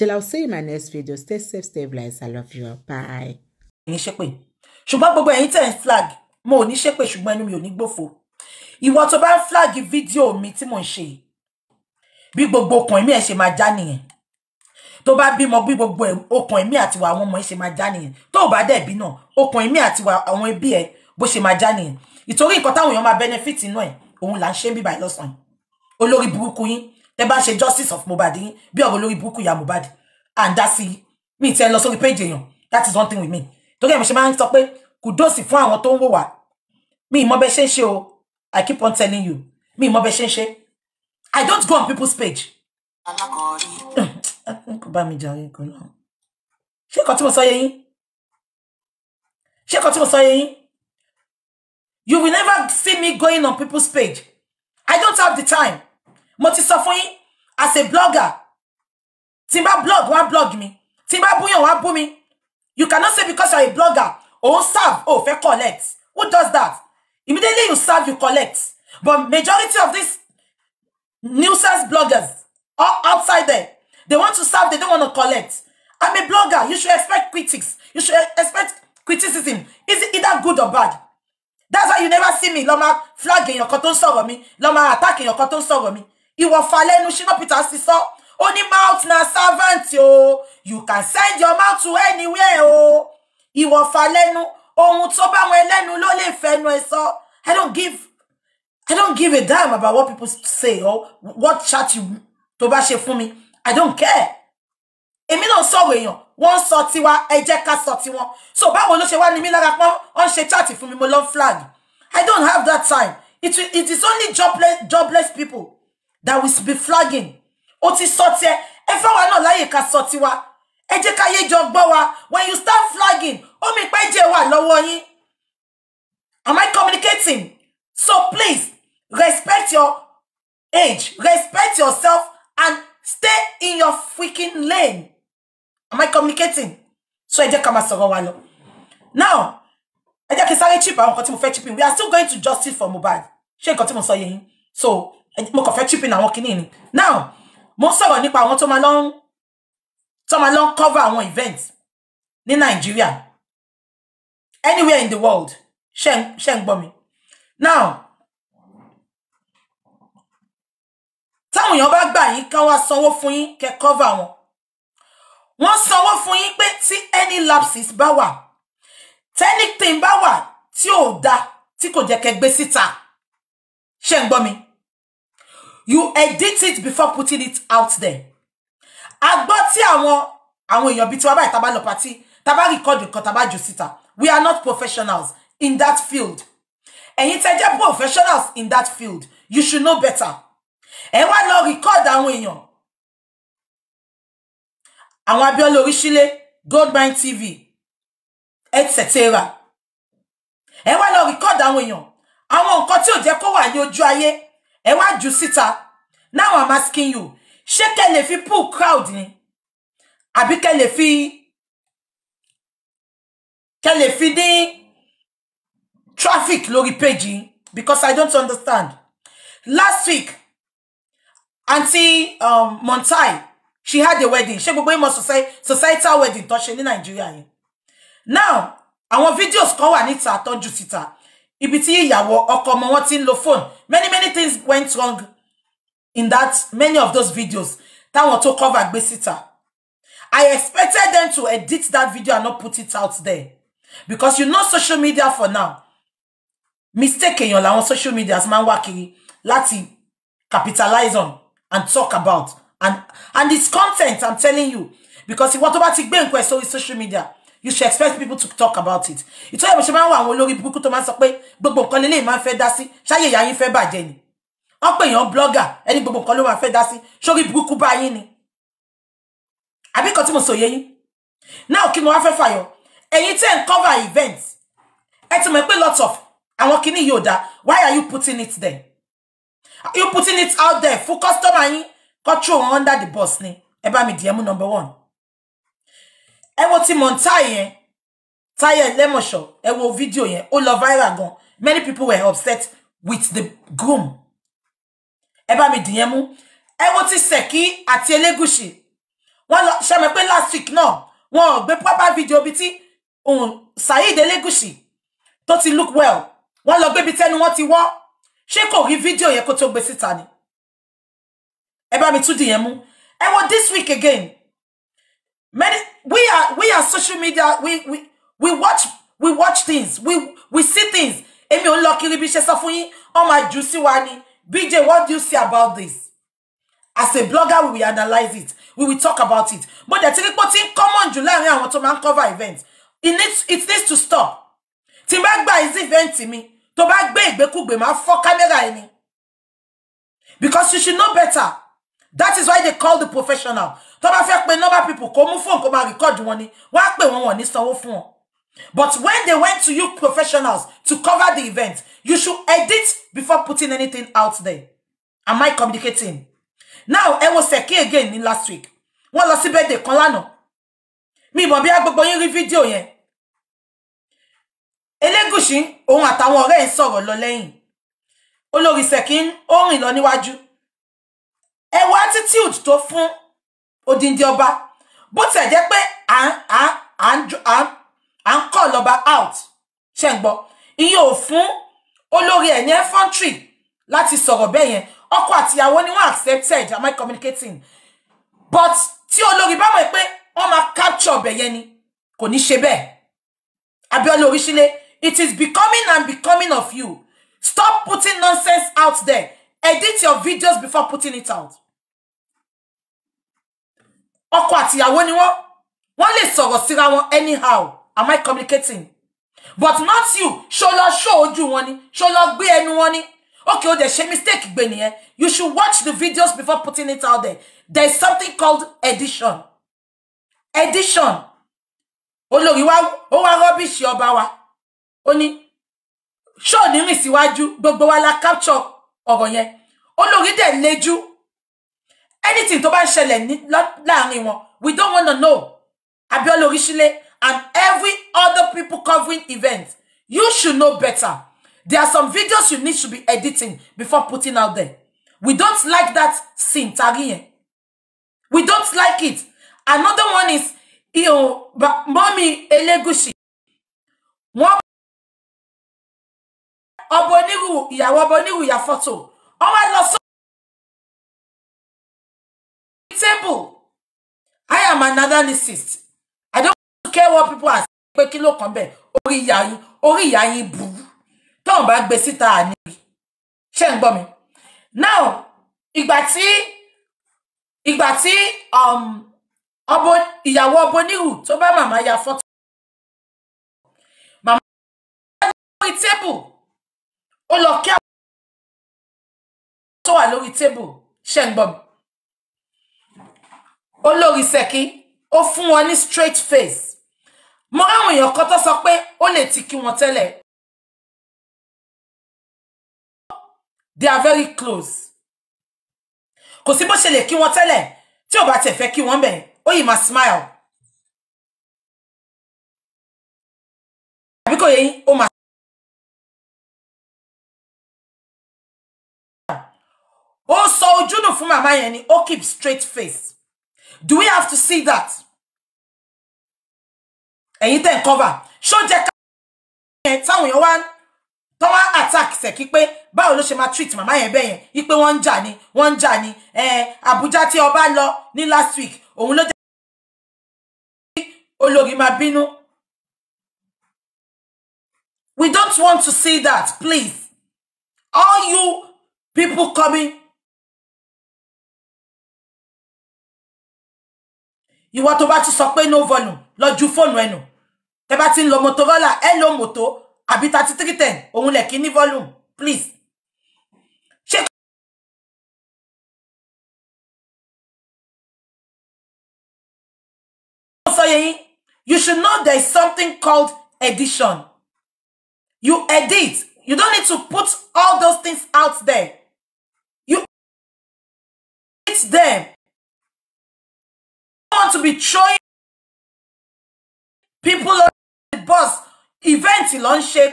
Till I'll see you in my next video. Stay safe, stay blessed. I love you. Bye. ṣùgbọ́n gbogbo ẹ̀yin tẹ̀ ń flag mo ò ní ṣépè ṣùgbọ́n ẹnu mi ò ní gbòfo ìwọ tó bá ń flag fídíò mi tí mò ń ṣe bí gbogbo ọkàn mi ẹ̀ ṣe máa já nìyẹn tó bá bímọ bí gbogbo ọkàn mi àtiwà àwọn ọmọ ẹ̀ ṣe máa já nìyẹn tó ò bá dẹ̀ bí náà ọkàn mi àtiwà àwọn ẹbí ẹ̀ bó ṣe máa já nìyẹn ìtorí nǹkan táwọn èèyàn máa benefit inú ẹ̀ òun là ń ṣe bíbá ìlọ́sàn olórí burúkú yín tẹ bá ṣe justice of Mohbad yín bí ọ̀rọ̀ olórí burúkú ya Mohbad and dá sí mi ti ẹ lọ sórí péjì èèyàn that is one thing with me torí ẹ̀mí ṣe máa ń sọ pé if fún want to go? wò wá mi ìmọ̀ bẹ́ I keep on telling you me, my bẹ́ ṣe I don't go on people's page. kò bá mi jàre kò náà ṣé kan tí mo sọ yẹ yín ṣé you will never see me going on people's page I don't have the time mo ti sọ as a blogger tí blog wá blog me. tí n bá búyàn wá you cannot say because you're a blogger oh serve oh fair collect who does that immediately you serve you collect but majority of these nuisance bloggers are outside there they want to serve they don't want to collect i'm a blogger you should expect critics you should expect criticism is it either good or bad that's why you never see me lọ máa flag èèyàn kan tó me. sọ̀rọ̀ mi lọ máa attack èèyàn me. tó ń sọ̀rọ̀ mi ìwọ̀fà lẹ́nu ṣínà peter sì sọ ó ní mouth na servant o you can send your mouth to anywhere o ìwọ̀fà lẹ́nu ohun tó bá wọn ẹlẹ́nu ló lè fẹnu ẹ sọ i don't give i don't give a damn about what people say or what chat you to bá ṣe fún mi i don't care èmi náà sọ̀rọ̀ èèyàn wọ́n sọ tiwa ẹ jẹ́ ká sọ tiwọn so báwo ló ṣe wa ni mi lára pọ́n on ṣe chaati fún mi mo lọ flag i don't have that time it, it is only jobless, jobless people that will be flagging o ti sọ tiẹ̀ ẹ fẹ́ wa náà láyè ká sọ tiwa ẹ jẹ́ ká yé jọ gbọ́ wa when you start flagging omi pẹ́ jẹ́ wà lọ́wọ́ yín am I communicating so please respect your age respect yourself and stay in your freaking lane am I communicating so ẹ jẹ́ ká máa sọ̀rọ̀ wa lọ now ẹ jẹ́ kí n sáré chip àwọn nǹkan tí mo fẹ́ chip in we are still going to justice for Mohbad ṣé nǹkan tí mo sọ yẹn so mo kàn fẹ́ chip in àwọn kìíní now mo ń sọ̀rọ̀ nípa àwọn tó máa lọ ń cover àwọn events. ní Nigeria, anywhere in the world ṣe ń gbọ́ mi now táwọn èèyàn bá gbà yín kán wá sanwó fún yín kẹ́ cover wọn wọ́n sanwó fún yín pé tí any lapses bá wà tẹ́nìtìn bá wà tí ò da tí kò jẹ́ kẹ́ gbé síta ṣe ń gbọ́ mi you edit it before putting it out there a gbọ́ tí àwọn àwọn èèyàn bíi tiwa báyìí tá bá lọ pàtí tá record nǹkan tá bá jù síta we are not professionals in that field ẹ̀yin tẹ́ jẹ́ professionals in that field you should know better ẹ wá lọ record àwọn èèyàn àwọn Abíọ́lá Oríṣílé Goldmine TV etc ẹ wá lọ record àwọn èèyàn àwọn nǹkan tí ò jẹ́ kó wà ní ojú ayé ẹ wá jù sita? now i'm asking you She kẹ́ lè fi pull crowd ni àbí kẹ́ lè fi kẹ́ lè fi dín traffic lórí page because i don't understand last week Auntie um, montai she had a wedding ṣé gbogbo say societal wedding tó she? ní Nigeria. now àwọn videos kan wà níta tó jù sita ibi tí ìyàwó ọkọ ọmọ wọn ti ń lo phone many many things went wrong in that many of those videos táwọn tó cover gbé síta I expected them to edit that video and not put it out there because you know social media for now mistake èèyàn làwọn social media máa ń wá kiri láti capitalize on and talk about and and its content I'm telling you because ìwọ tó bá ti gbé nǹkan ẹ̀ sórí social media you should expect people to talk about it ìtọ́jú ìbùsùn máa ń wọ àwọn olórí burúkú tó máa ń sọ pé gbogbo nǹkan lélẹ́yìn máa ń fẹ́ dá sí ṣáyé ìyá yín fẹ́ bàjẹ́ ni wọ́n pè yàn blogger ẹni gbogbo nǹkan ló máa fẹ́ dá sí sórí burúkú bá yín ni àbí kan tí mo sòye yín náà kí ni wọ́n fẹ́ fàyọ ẹ̀yin tẹ́ ń cover event ẹ ti mọ̀ pé lots of àwọn kinní yóò dá why are you putting it there Are you putting it out there fún customer yín kọ́ throw under the bus ni ẹ bá mi dìẹ́mú number one ẹ wo ti Montai yẹn Táyé Lẹ́mọ̀ṣọ́ ẹ wo video, yẹn ó lọ viral gan many people were upset with the groom ẹ bá mi dìyẹn mú ẹ wo ti Ṣẹ̀kí àti Elégùṣì wọ́n lọ ṣe mọ̀ last week No, wọn ò gbé proper video bíi ti Saheed Elégùṣì tó ti look well wọ́n lọ gbé bíi tẹ́nu wọ́n ti wọ́ ṣé kò rí video, yẹn kó tó gbé síta ni ẹ bá mi tún dìyẹn mú ẹ wo this week again Many we are we are social media. We we we watch we watch things. We we see things. Èmi ò lọ kiri bí ṣe sọ fún yín. Ó máa jù sí wa ni. BJ, what do you see about this? As a blogger, we will analyze it. We will talk about it. But the thing put in common July and want to man cover events. It needs it needs to stop. Tí n gba is event mi. Tó bá gbé ìgbékúgbé máa fọ́ camera ẹni. Because you should know better. That is why they call the professional. To bá fẹ́ pe number people kó mú phone kó máa record wọn ni wọ́n á pè wọ́n wọ́n ní sanwó fún But when they went to you professionals to cover the event, you should edit before putting anything out there. Am I communicating? Now, ẹ wo Sẹ̀kí again in last week. Wọ́n lọ sí birthday kan lánàá. Mi mọ̀ bí agbogbo yín rí fídíò yẹn. Elégùṣí òun àtàwọn ọ̀rẹ́ ẹ̀ sọ̀rọ̀ lọ lẹ́yìn. Olórí Sẹ̀kí ó rìn lọ níwájú. Ẹ wo attitude tó fún odindi ọba bó tiẹ̀ jẹ́ pé à ń kọ́ lọ́ba out ṣe ń gbọ́ ìyẹn ò fún olórí ẹ̀ ní infantry láti sọ̀rọ̀ bẹ́ẹ̀ yẹn ọkọ àtìyàwó ni wọ́n accepted am I communicating but tí olórí bá mọ̀ pé wọ́n máa capture ọbẹ̀ yẹn ni kò ní ṣe bẹ́ẹ̀ Abíọ́lá Oríṣìlẹ̀ it is becoming and becoming of you stop putting nonsense out there edit your videos before putting it out ọkọ àtìyàwó ni wọ́n wọ́n lè sọ̀rọ̀ síra wọn anyhow am I communicating but not you ṣó lọ ṣó ojú wọn ni ṣó lọ gbé ẹnu wọn ni okay o dẹ̀ ṣe mistake gbé nìyẹn you should watch the videos before putting it out there there is something called edition edition olórí wa ó wá rọ́bìṣì ọba wa ó ní ṣó ní rìn síwájú gbogbo wa la capture ọ̀rọ̀ yẹn olórí dẹ̀ lejú anything tó bá ń ṣẹlẹ̀ láàrin wọn we don't want to know Abiola Orisile and every other people covering events you should know better there are some videos you need to be editing before putting out there we don't like that scene tari yẹn we don't like it another one is you know, mommy Elegushi wọn ọbọ onírú ìyàwó ọbọ onírú ìyà fọ́tò ọmọ ẹ lọ sọ. am an analyst i don't care what people are saying pé kí ló kàn bẹ́ẹ̀ orí ìyá yín orí ìyá yín burú tóun bá gbé síta àní ṣé ń mi now Igba ti, Igba ti. Um, ìyàwó ọbọ níhù tó bá màmá ya mama màmá ya lórí tébù table. lọ kí àwọn So wà lórí tébù ṣé ń gbọ́ mi olórí ṣẹ́kí ó fún wọn ní straight face mo ráwọn èèyàn kan tó sọ pé ó lè ti kí wọn tẹ́lẹ̀ they are very close kò sí bó ṣe lè kí wọn tẹ́lẹ̀ tí ò bá tẹ̀ fẹ́ kí wọn bẹ̀ ó yìí máa smile àbí kò yẹ yín ó máa. ó sọ ojú nù fún màmá yẹn ni ó keep straight face do we have to see that And you ń cover Show Jack. Tell me one. èèyàn wá tó wá attack Ṣẹ̀kí pé báwo ló ṣe máa treat màmá yẹn bẹ́ẹ̀ yẹn wípé wọ́n ń jà ní wọ́n ń jà ní Àbújá tí ọba last week òun ló jẹ́ olórí máa we don't want to see that please all you people coming ìwọ tó bá ti sọ pé no volume lọ ju fóònù ẹnu tẹ bá ti lo motorola hello moto àbí thirty three ten òun volume please. You should know there is something called edition. You edit. You don't need to put all those things out there. You edit them want to be throwing people on the bus event ló ń ṣe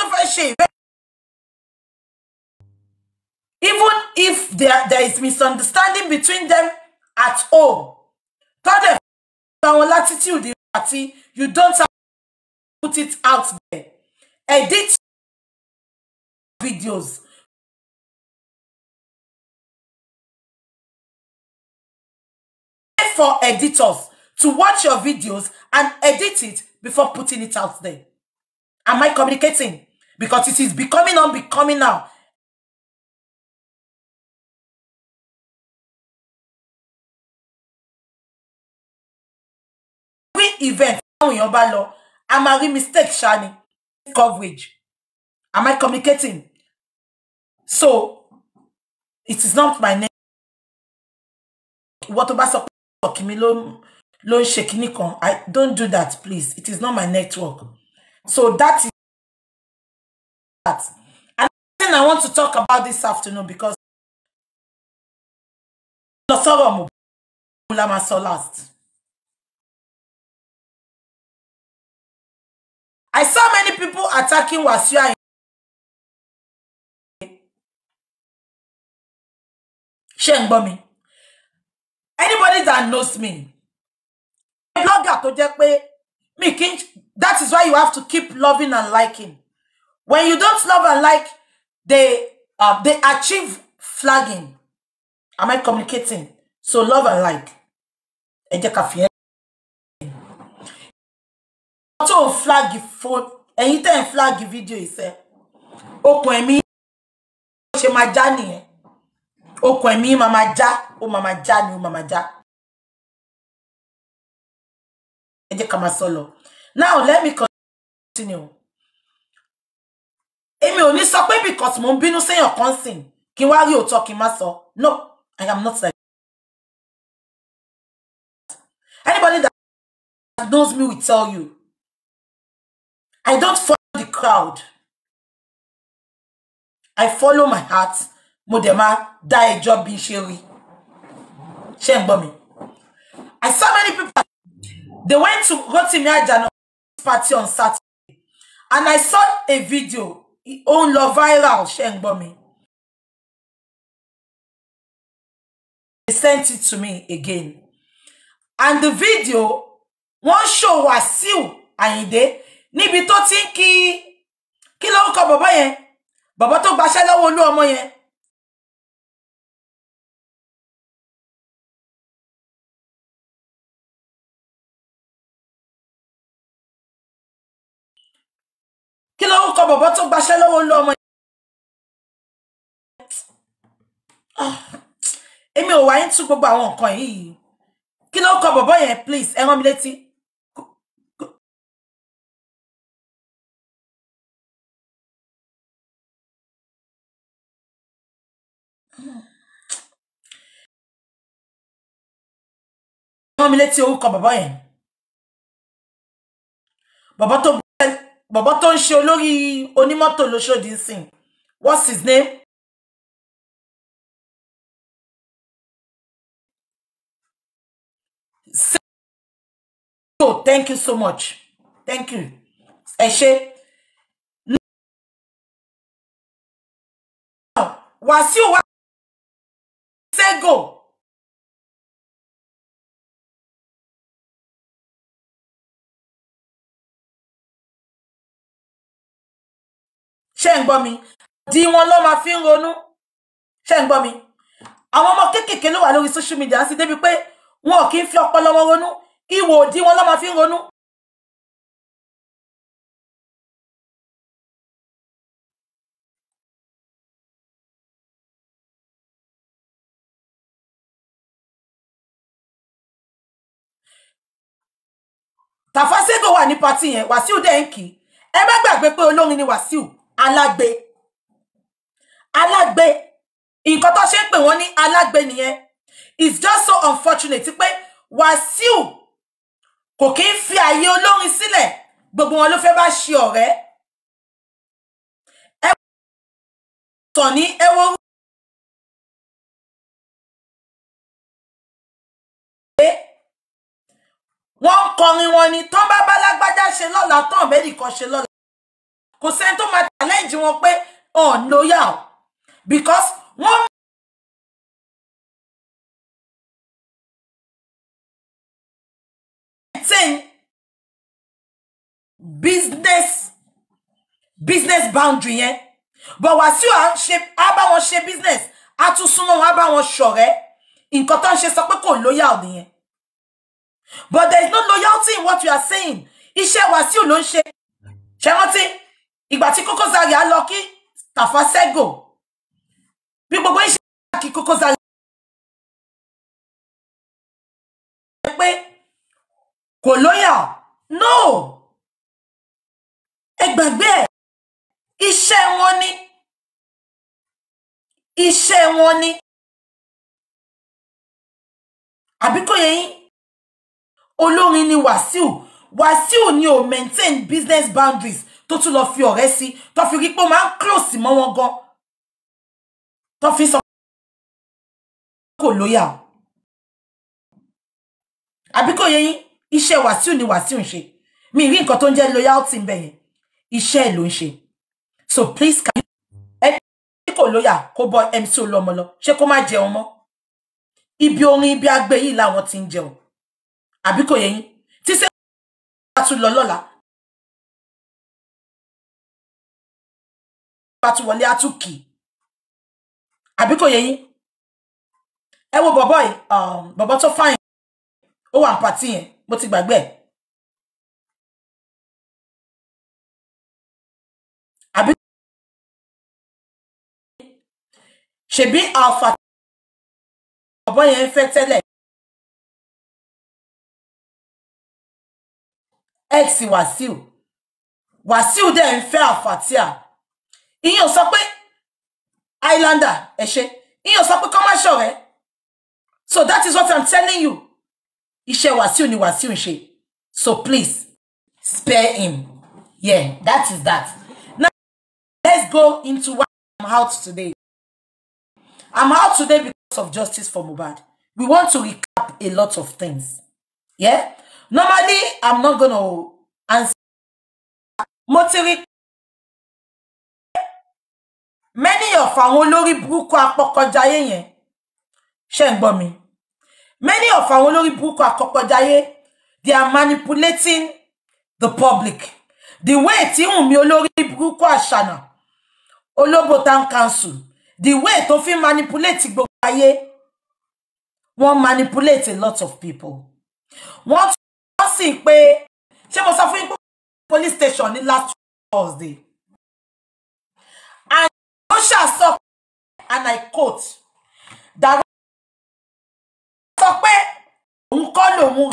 tó fẹ́ ṣe event even if there there is misunderstanding between them at home tọ́dẹ̀ fún àwọn latitude àti you don't have to put it out there edit videos for editors to watch your videos and edit it before putting it out there. Am I communicating? Because it is becoming unbecoming now. Every event, àwọn èèyàn bá a mistake ṣá coverage. Am I communicating? So, it is not my name. What about network mi i don't do that please it is not my network so that is that and then i want to talk about this afternoon because last. i saw many people attacking Wasiu Ayinde. bombing that knows me blogger tó jẹ́ pé mi kì that is why you have to keep loving and liking when you don't love and like they uh, they achieve flagging am I communicating so love and like ẹ jẹ́ ká fi ẹ́ flag phone and tẹ́ ń flag video iṣẹ́ okùn Oh ṣe máa she nìyẹn okùn Oh máa máa mama ó Oh mama já ni ó máa máa ẹ now let me continue èmi ò ní sọ pé because mo ń bínú séèyàn kan sìn kí wá rí òótọ́ kí n má sọ no i am not like anybody that knows me will tell you i don't follow the crowd i follow my heart mo dẹ̀ máa dá ẹjọ́ bí ṣe rí ṣé ń gbọ́ mi i saw many people. They went to Rotimi Ajana's party on Saturday. And I saw a video. It on lọ viral, ṣé ń gbọ́ They sent it to me again. And the video, one show was Ayinde níbi tó ti ń kí ki lórúkọ bàbá yẹn bàbá tó gbaṣẹ́ lọ́wọ́ olú bọ̀bọ̀ tó gbaṣẹ́ lọ́wọ́ lọ ọmọ ah, èmi ò wá ń tú gbogbo àwọn nǹkan yìí kí ló kọ bọ̀bọ̀ yẹn please ẹ rán mi létí. rán mi létí orúkọ bọ̀bọ̀ yẹn bọ̀bọ̀ tó bọ̀bọ́ tó ń ṣe olórí onímọ́tò lóṣòdì sìn what's his name. Oh, thank you so much. Thank you. Ẹ ṣé. Wàsíù wá. ṣé ń gbọ́ mi di wọn ló máa fi ń ronú ṣé ń gbọ́ mi àwọn ọmọ kéékèèké ló wà lórí social media sí débi pé wọn ò kí ń fi ọpọlọ wọn ronú ìwò òdí wọn ló máa fi ń ronú. Tàfásẹ́gò wà ní patí yẹn Wàsíù dẹ́ǹkì ẹ bá gbàgbé pé olórin ni Wàsíù alágbe alágbe nǹkan tó ṣe ń pè wọ́n ní alágbe nìyẹn it's just so unfortunate pé Wàsíù kò kí ń fi ààyè olórin sílẹ̀ gbogbo wọn ló fẹ́ bá ṣe ọ̀rẹ́ ẹ tàn ní ẹwọ́ wọ́n ń kọrin wọn ni tán bá lágbájá ṣe lọ́la tán bẹ́ẹ̀ nìkan ṣe lọ́la kò sẹ́ni tó máa challenge wọn pé on oh, loyal because wọ́n. business business boundary yẹn eh? but Wasiu à ń ṣe á bá wọn ṣe business á tún súnmọ́ wọn á bá wọn ṣọ̀rẹ́ nǹkan tó ń ṣe sọ pé kò loyal nìyẹn but there is no loyalty in what you are saying iṣẹ́ Wasiu ló ń ṣe ṣe rántí ìgbà tí Koko Zaria lọ kí Tafa Sego bí gbogbo iṣẹ́ kí Koko Zaria pé kò lóyà no ẹ gbàgbé ẹ iṣẹ́ wọn ni iṣẹ́ wọn ni àbí kò olórin ni Wàsíù Wàsíù ni ò maintain business boundaries tó tún lọ fi ọ̀rẹ́ sí tó fi rí pé ó máa ń close mọ́ wọn gan tó fi sọ kò lóyà o àbí kò yẹ yín iṣẹ́ Wàsíù ni Wàsíù ń ṣe mi rí nǹkan tó ń loyalty ń bẹ yẹn iṣẹ́ ẹ̀ so please can you kò lóyà kó bọ MC olúọmọ lọ ṣé kó má jẹun mọ́ ibi orin ibi agbe yìí làwọn ti ń jẹun àbí kò yẹ yín tí sẹ́yìn bá tún lọ bá tún wọlé á tún kì í àbí kò yẹ yín ẹ wo bọ̀bọ̀ yìí um, bọ̀bọ̀ tó fáyìn ó wà ń pàtí yẹn mo ti gbàgbé ẹ̀ àbí ṣebí alpha bọ̀bọ̀ yẹn fẹ́ tẹ́lẹ̀ ex Wàsíù Wàsíù dẹ̀ ń fẹ́ àfàtíà ìyẹn ò sọ pé islander ẹ ṣe ìyẹn ò sọ pé commercial rẹ so that is what i'm telling you iṣẹ́ Wàsíù ni Wàsíù ń ṣe so please spare him yeah that is that now let's go into why i'm out today i'm out today because of justice for Mohbad we want to recap a lot of things yeah normally i'm not gonna answer Motivate many of àwọn olórí burúkú apọkọjáyé yẹn ṣe ń gbọ́ mi many of àwọn olórí burúkú apọkọjáyé they are manipulating the public the way tí Wùnmí olórí burúkú àṣànà olóbò town council the way tó fi manipulate gbogbo ayé wọ́n manipulate a lot of people wọ́n tún wọ́n sì pé ṣé mo sọ fún yín pé police station ní last Thursday Russia sọ and I quote that sọ pé òun kọ́ lòun.